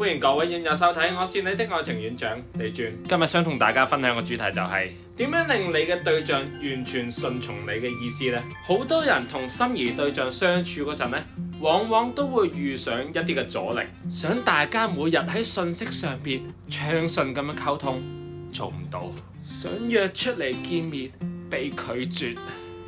歡迎各位影友收睇，我是你的愛情院長李專。今日想同大家分享嘅主題就係點樣令你嘅對象完全順從你嘅意思呢？好多人同心儀對象相處嗰陣呢，往往都會遇上一啲嘅阻力。想大家每日喺信息上邊暢順咁樣溝通，做唔到。想約出嚟見面，被拒絕。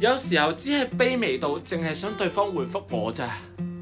有時候只係卑微到淨係想對方回復我咋，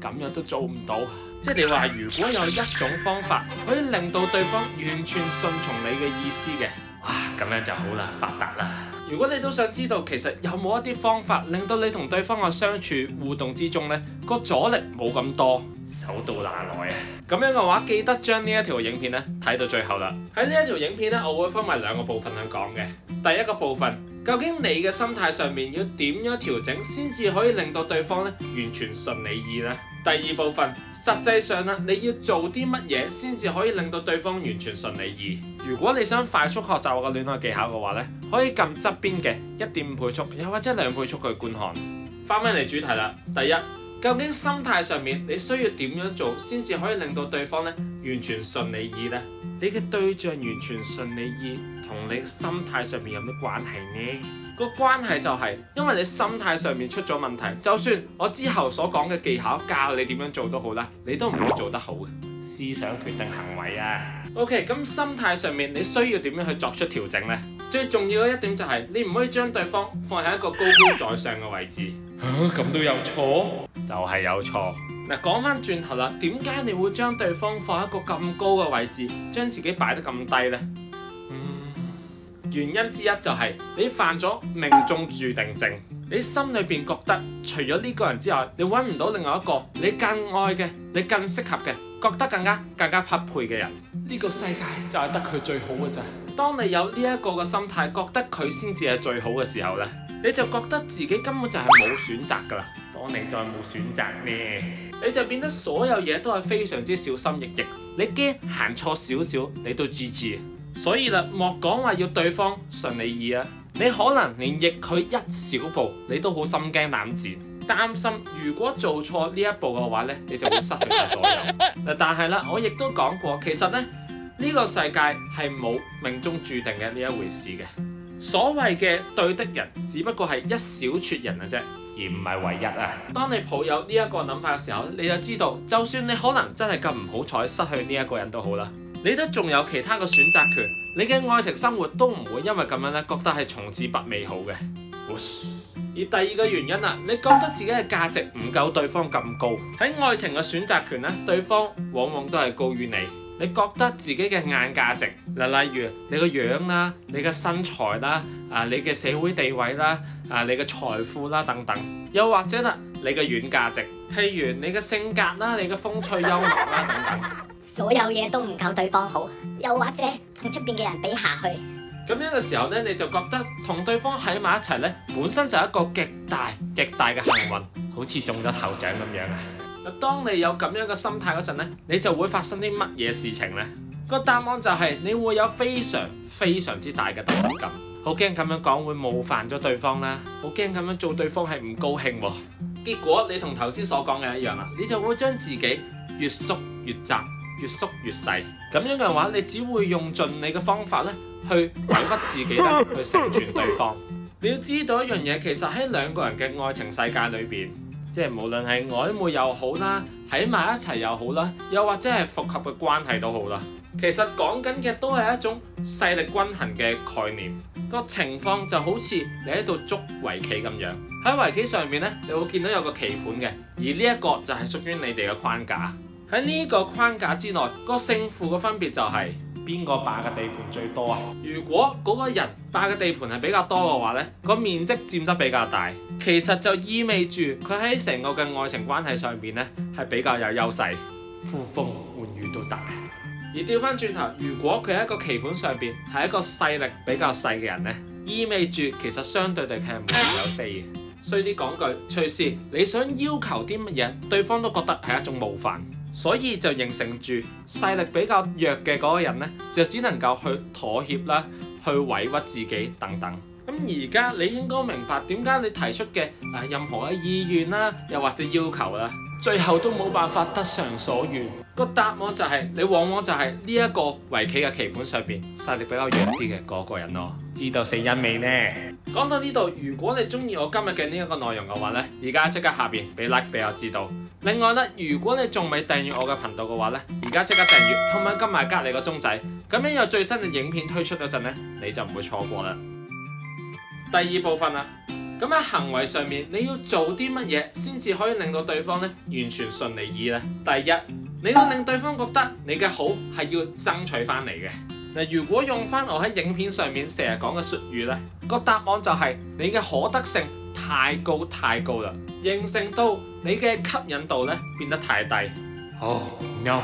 咁樣都做唔到。即係你話，如果有一種方法可以令到對方完全順從你嘅意思嘅，哇，咁樣就好啦，發達啦！如果你都想知道，其實有冇一啲方法令到你同對方嘅相處互動之中呢個阻力冇咁多，手到拿來啊？咁樣嘅話，記得將呢一條影片咧睇到最後啦。喺呢一條影片咧，我會分為兩個部分去講嘅。第一個部分，究竟你嘅心態上面要點樣調整，先至可以令到對方咧完全順你意呢？第二部分，實際上啦，你要做啲乜嘢先至可以令到對方完全順你意？如果你想快速學習我個戀愛技巧嘅話呢，可以撳側邊嘅一點五倍速，又或者兩倍速去觀看。翻返嚟主題啦，第一，究竟心態上面你需要點樣做先至可以令到對方咧完全順你意呢？你嘅對象完全順你意，同你心態上面有咩關係呢？個關係就係因為你心態上面出咗問題，就算我之後所講嘅技巧教你點樣做都好啦，你都唔會做得好嘅。思想決定行為啊。OK，咁心態上面你需要點樣去作出調整呢？最重要嘅一點就係、是、你唔可以將對方放喺一個高高在上嘅位置，咁都、啊、有錯，就係有錯。嗱，講翻轉頭啦，點解你會將對方放喺一個咁高嘅位置，將自己擺得咁低呢、嗯？原因之一就係、是、你犯咗命中注定症，你心裏邊覺得除咗呢個人之外，你搵唔到另外一個你更愛嘅、你更適合嘅、覺得更加更加匹配嘅人，呢、這個世界就係得佢最好嘅咋。當你有呢一個嘅心態，覺得佢先至係最好嘅時候呢，你就覺得自己根本就係冇選擇噶啦。當你再冇選擇呢，你就變得所有嘢都係非常之小心翼翼，你驚行錯少少，你都自知。所以啦，莫講話要對方順你意啊，你可能連逆佢一小步，你都好心驚膽戰，擔心如果做錯呢一步嘅話呢，你就會失去所有。但係啦，我亦都講過，其實呢。呢個世界係冇命中注定嘅呢一回事嘅，所謂嘅對的人只不過係一小撮人嚟啫，而唔係唯一啊。當你抱有呢一個諗法嘅時候，你就知道，就算你可能真係咁唔好彩失去呢一個人都好啦，你都仲有其他嘅選擇權，你嘅愛情生活都唔會因為咁樣咧，覺得係從此不美好嘅，呃。而第二個原因啊，你覺得自己嘅價值唔夠對方咁高，喺愛情嘅選擇權呢，對方往往都係高於你。你覺得自己嘅硬價值嗱，例如你個樣啦、你嘅身材啦、啊你嘅社會地位啦、啊你嘅財富啦等等，又或者嗱，你嘅軟價值，譬如你嘅性格啦、你嘅風趣幽默啦等等，所有嘢都唔夠對方好，又或者同出邊嘅人比下去，咁樣嘅時候呢，你就覺得同對方喺埋一齊呢，本身就係一個極大極大嘅幸運，好似中咗頭獎咁樣啊！嗱，當你有咁樣嘅心態嗰陣咧，你就會發生啲乜嘢事情呢？呢個答案就係、是、你會有非常非常之大嘅得失感，好驚咁樣講會冒犯咗對方啦，好驚咁樣做對方係唔高興喎。結果你同頭先所講嘅一樣啦，你就會將自己越縮越窄，越縮越細。咁樣嘅話，你只會用盡你嘅方法咧，去委屈自己啦，去成全對方。你要知道一樣嘢，其實喺兩個人嘅愛情世界裏邊。即係無論係曖昧又好啦，喺埋一齊又好啦，又或者係複合嘅關係都好啦，其實講緊嘅都係一種勢力均衡嘅概念。個情況就好似你喺度捉圍棋咁樣，喺圍棋上面呢，你會見到有個棋盤嘅，而呢一個就係屬於你哋嘅框架。喺呢個框架之內，個勝負嘅分別就係、是。邊個霸嘅地盤最多啊？如果嗰個人霸嘅地盤係比較多嘅話呢，個面積佔得比較大，其實就意味住佢喺成個嘅愛情關係上邊呢係比較有優勢，呼風喚雨都得。而調翻轉頭，如果佢喺個棋盤上邊係一個勢力比較細嘅人呢，意味住其實相對地佢係唔夠有勢嘅，所以啲講句，隨時你想要求啲乜嘢，對方都覺得係一種冒犯。所以就形成住勢力比較弱嘅嗰個人呢，就只能夠去妥協啦，去委屈自己等等。咁而家你應該明白點解你提出嘅啊任何嘅意願啦、啊，又或者要求啦、啊，最後都冇辦法得償所願。那個答案就係、是、你往往就係呢一個圍棋嘅棋盤上邊勢力比較弱啲嘅嗰個人咯。知道死因未呢？講到呢度，如果你中意我今日嘅呢一個內容嘅話呢，而家即刻下邊俾 like 俾我知道。另外咧，如果你仲未訂閱我嘅頻道嘅話咧，而家即刻訂閱，同埋今日隔籬個鐘仔，咁樣有最新嘅影片推出嗰陣咧，你就唔會錯過啦。第二部分啦，咁喺行為上面，你要做啲乜嘢先至可以令到對方咧完全順你意呢？第一，你要令對方覺得你嘅好係要爭取翻嚟嘅。嗱，如果用翻我喺影片上面成日講嘅術語咧，個答案就係你嘅可得性太高太高啦，形成到你嘅吸引度咧變得太低。好，唔啱。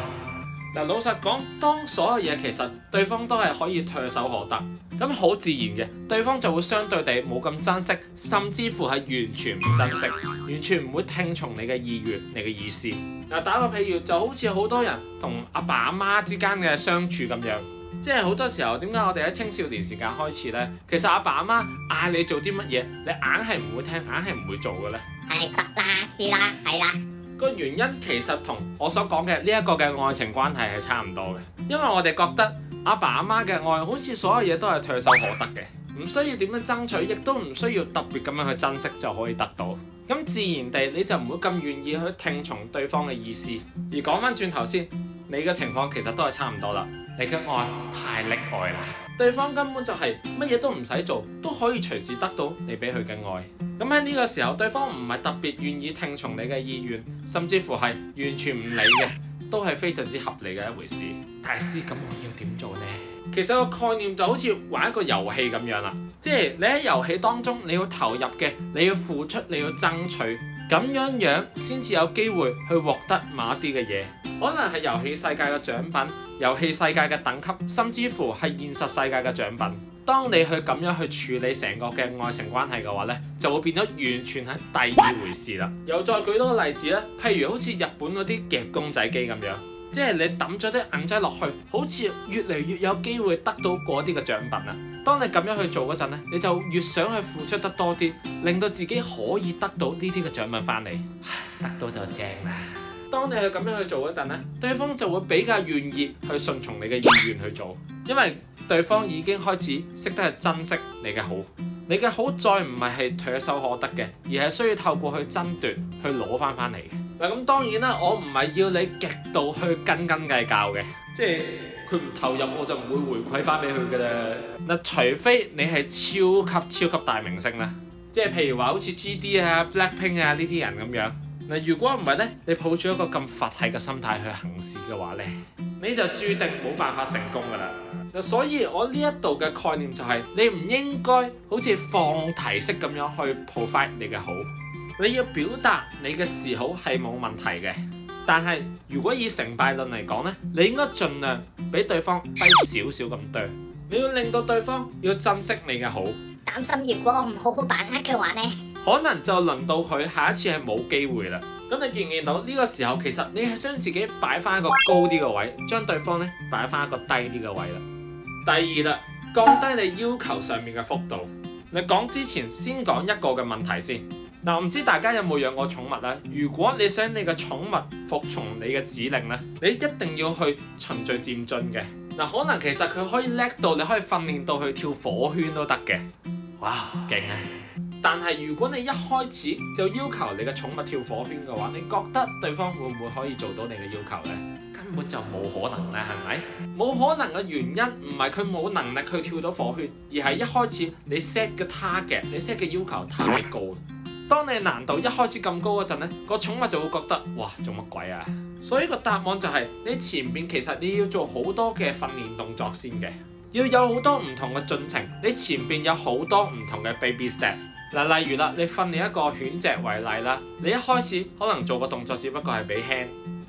嗱，老實講，當所有嘢其實對方都係可以唾手可得，咁好自然嘅，對方就會相對地冇咁珍惜，甚至乎係完全唔珍惜，完全唔會聽從你嘅意願、你嘅意思。嗱，打個譬如，就好似好多人同阿爸阿媽，媽之間嘅相處咁樣。即係好多時候，點解我哋喺青少年時間開始呢？其實阿爸阿媽嗌你做啲乜嘢，你硬係唔會聽，硬係唔會做嘅呢？係啦，係啦，係啦。個原因其實同我所講嘅呢一個嘅愛情關係係差唔多嘅，因為我哋覺得阿爸阿媽嘅愛好似所有嘢都係唾手可得嘅，唔需要點樣爭取，亦都唔需要特別咁樣去珍惜就可以得到。咁自然地你就唔會咁願意去聽從對方嘅意思。而講翻轉頭先，你嘅情況其實都係差唔多啦。你嘅愛太溺愛啦，對方根本就係乜嘢都唔使做，都可以隨時得到你俾佢嘅愛。咁喺呢個時候，對方唔係特別願意聽從你嘅意願，甚至乎係完全唔理嘅，都係非常之合理嘅一回事。大師，咁我要點做呢？其實個概念就好似玩一個遊戲咁樣啦，即係你喺遊戲當中，你要投入嘅，你要付出，你要爭取。咁樣樣先至有機會去獲得某一啲嘅嘢，可能係遊戲世界嘅獎品、遊戲世界嘅等級，甚至乎係現實世界嘅獎品。當你去咁樣去處理成個嘅愛情關係嘅話呢，就會變咗完全係第二回事啦。又再舉多個例子啦，譬如好似日本嗰啲夾公仔機咁樣，即係你抌咗啲銀仔落去，好似越嚟越有機會得到嗰啲嘅獎品啊！當你咁樣去做嗰陣咧，你就越想去付出得多啲，令到自己可以得到呢啲嘅獎品翻嚟，得到就正啦。當你去咁樣去做嗰陣咧，對方就會比較願意去順從你嘅意願去做，因為對方已經開始識得去珍惜你嘅好，你嘅好再唔係係唾手可得嘅，而係需要透過去爭奪去攞翻翻嚟。嗱咁當然啦，我唔係要你極度去斤斤計較嘅，即係佢唔投入我就唔會回饋翻俾佢嘅啦。嗱，除非你係超級超級大明星啦，即係譬如話好似 GD 啊、Blackpink 啊呢啲人咁樣。嗱，如果唔係呢，你抱住一個咁佛系嘅心態去行事嘅話呢，你就注定冇辦法成功噶啦。嗱，所以我呢一度嘅概念就係，是，你唔應該好似放題式咁樣去 provide 你嘅好。你要表達你嘅示好係冇問題嘅，但係如果以成敗論嚟講呢，你應該盡量俾對方低少少咁多，你要令到對方要珍惜你嘅好。擔心如果我唔好好把握嘅話呢，可能就輪到佢下一次係冇機會啦。咁你見唔見到呢個時候，其實你係將自己擺翻一個高啲嘅位，將對方呢擺翻一個低啲嘅位啦。第二啦，降低你要求上面嘅幅度。你講之前先講一個嘅問題先。嗱，唔知大家有冇養過寵物呢？如果你想你嘅寵物服從你嘅指令呢，你一定要去循序漸進嘅嗱。可能其實佢可以叻到，你可以訓練到佢跳火圈都得嘅，哇勁啊！但係如果你一開始就要求你嘅寵物跳火圈嘅話，你覺得對方會唔會可以做到你嘅要求呢？根本就冇可能呢，係咪？冇可能嘅原因唔係佢冇能力去跳到火圈，而係一開始你 set 嘅 target，你 set 嘅要求太高。當你難度一開始咁高嗰陣咧，呢個寵物就會覺得，哇，做乜鬼啊！所以個答案就係、是、你前邊其實你要做好多嘅訓練動作先嘅，要有好多唔同嘅進程。你前邊有好多唔同嘅 baby step 嗱，例如啦，你訓練一個犬隻為例啦，你一開始可能做個動作只不過係畀輕，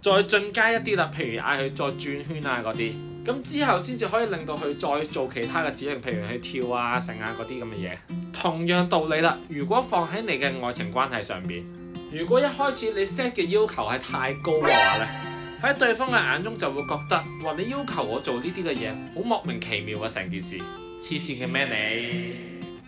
再進階一啲啦，譬如嗌佢再轉圈啊嗰啲。咁之後先至可以令到佢再做其他嘅指令，譬如去跳啊、成啊嗰啲咁嘅嘢。同樣道理啦，如果放喺你嘅愛情關係上邊，如果一開始你 set 嘅要求係太高嘅話呢，喺對方嘅眼中就會覺得，哇！你要求我做呢啲嘅嘢，好莫名其妙啊！成件事，黐線嘅咩你？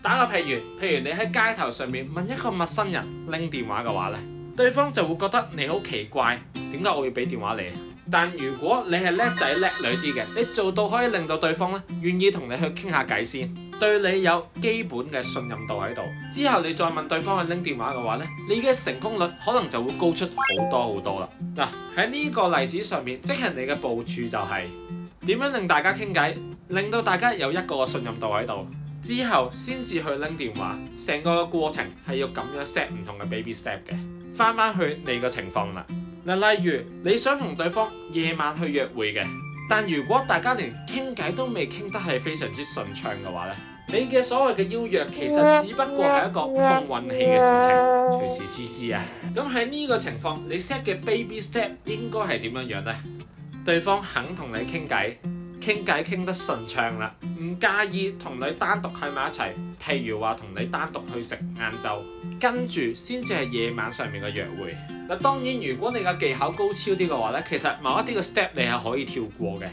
打個譬如，譬如你喺街頭上面問一個陌生人拎電話嘅話呢，對方就會覺得你好奇怪，點解我要俾電話你？但如果你係叻仔叻女啲嘅，你做到可以令到對方咧願意同你去傾下偈先，對你有基本嘅信任度喺度，之後你再問對方去拎電話嘅話呢，你嘅成功率可能就會高出好多好多啦。嗱，喺呢個例子上面，即係你嘅部署就係點樣令大家傾偈，令到大家有一個信任度喺度，之後先至去拎電話，成個過程係要咁樣 set 唔同嘅 baby step 嘅，翻翻去你個情況啦。嗱，例如你想同對方夜晚去約會嘅，但如果大家連傾偈都未傾得係非常之順暢嘅話咧，你嘅所謂嘅邀約其實只不過係一個碰運氣嘅事情，隨時知知啊！咁喺呢個情況，你 set 嘅 baby step 應該係點樣樣呢？對方肯同你傾偈，傾偈傾得順暢啦，唔介意同你單獨喺埋一齊，譬如話同你單獨去食晏晝。跟住先至係夜晚上面嘅約會。嗱，當然如果你嘅技巧高超啲嘅話呢，其實某一啲嘅 step 你係可以跳過嘅。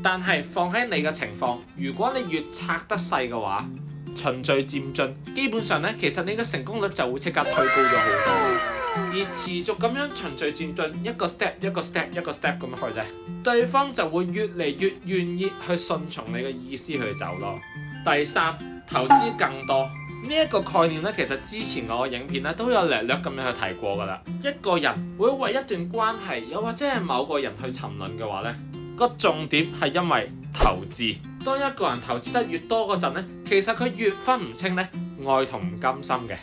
但係放喺你嘅情況，如果你越拆得細嘅話，循序漸進，基本上呢，其實你嘅成功率就會即刻推高咗好多。而持續咁樣循序漸進，一個 step 一個 step 一個 step 咁樣去咧，對方就會越嚟越願意去順從你嘅意思去走咯。第三，投資更多。呢一個概念咧，其實之前我嘅影片咧都有略略咁樣去提過㗎喇。一個人會為一段關係，又或者係某個人去沉淪嘅話呢，呢個重點係因為投資。當一個人投資得越多嗰陣咧，其實佢越分唔清呢愛同唔甘心嘅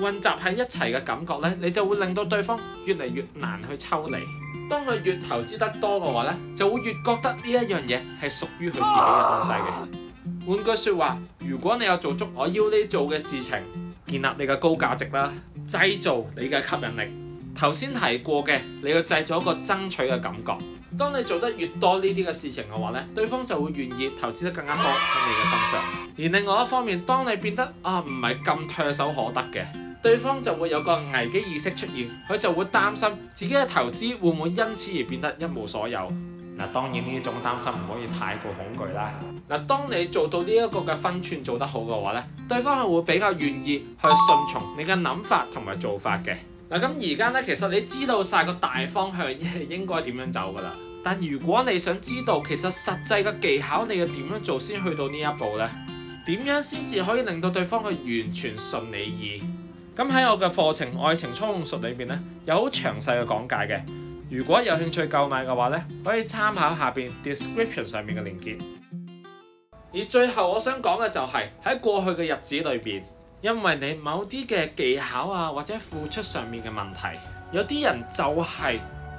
混雜喺一齊嘅感覺呢，你就會令到對方越嚟越難去抽離。當佢越投資得多嘅話呢，就會越覺得呢一樣嘢係屬於佢自己嘅東西嘅。換句説話，如果你有做足我要你做嘅事情，建立你嘅高價值啦，製造你嘅吸引力。頭先提過嘅，你要製造一個爭取嘅感覺。當你做得越多呢啲嘅事情嘅話咧，對方就會願意投資得更加多喺你嘅身上。而另外一方面，當你變得啊唔係咁唾手可得嘅，對方就會有個危機意識出現，佢就會擔心自己嘅投資會唔會因此而變得一無所有。嗱，當然呢種擔心唔可以太過恐懼啦。嗱，當你做到呢一個嘅分寸做得好嘅話呢，對方係會比較願意去順從你嘅諗法同埋做法嘅。嗱，咁而家呢，其實你知道晒個大方向係應該點樣走噶啦。但如果你想知道其實實際嘅技巧，你要點樣做先去到呢一步呢，點樣先至可以令到對方去完全順你意？咁喺我嘅課程《愛情操控術》裏邊呢，有好詳細嘅講解嘅。如果有興趣購買嘅話咧，可以參考下邊 description 上面嘅連結。而最後我想講嘅就係喺過去嘅日子裏邊，因為你某啲嘅技巧啊或者付出上面嘅問題，有啲人就係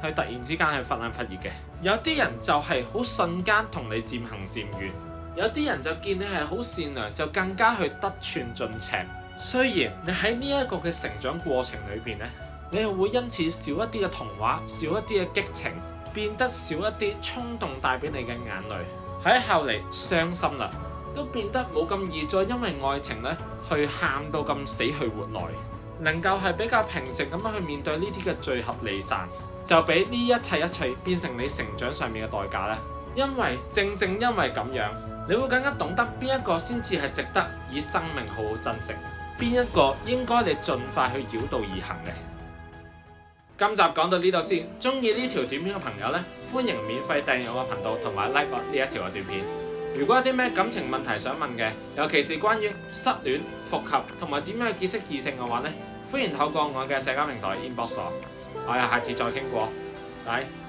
去突然之間去忽冷忽熱嘅；有啲人就係好瞬間同你漸行漸遠；有啲人就見你係好善良，就更加去得寸進尺。雖然你喺呢一個嘅成長過程裏邊咧。你會因此少一啲嘅童話，少一啲嘅激情，變得少一啲衝動帶俾你嘅眼淚。喺後嚟傷心啦，都變得冇咁易再因為愛情咧去喊到咁死去活來，能夠係比較平靜咁樣去面對呢啲嘅聚合離散，就俾呢一切一切變成你成長上面嘅代價咧。因為正正因為咁樣，你會更加懂得邊一個先至係值得以生命好好珍惜，邊一個應該你盡快去繞道而行嘅。今集講到呢度先，中意呢條短片嘅朋友呢，歡迎免費訂閱我嘅頻道同埋 like 呢一條嘅短片。如果有啲咩感情問題想問嘅，尤其是關於失戀復合同埋點樣去結識異性嘅話呢，歡迎透過我嘅社交平台 inbox 我，又下次再傾過，拜。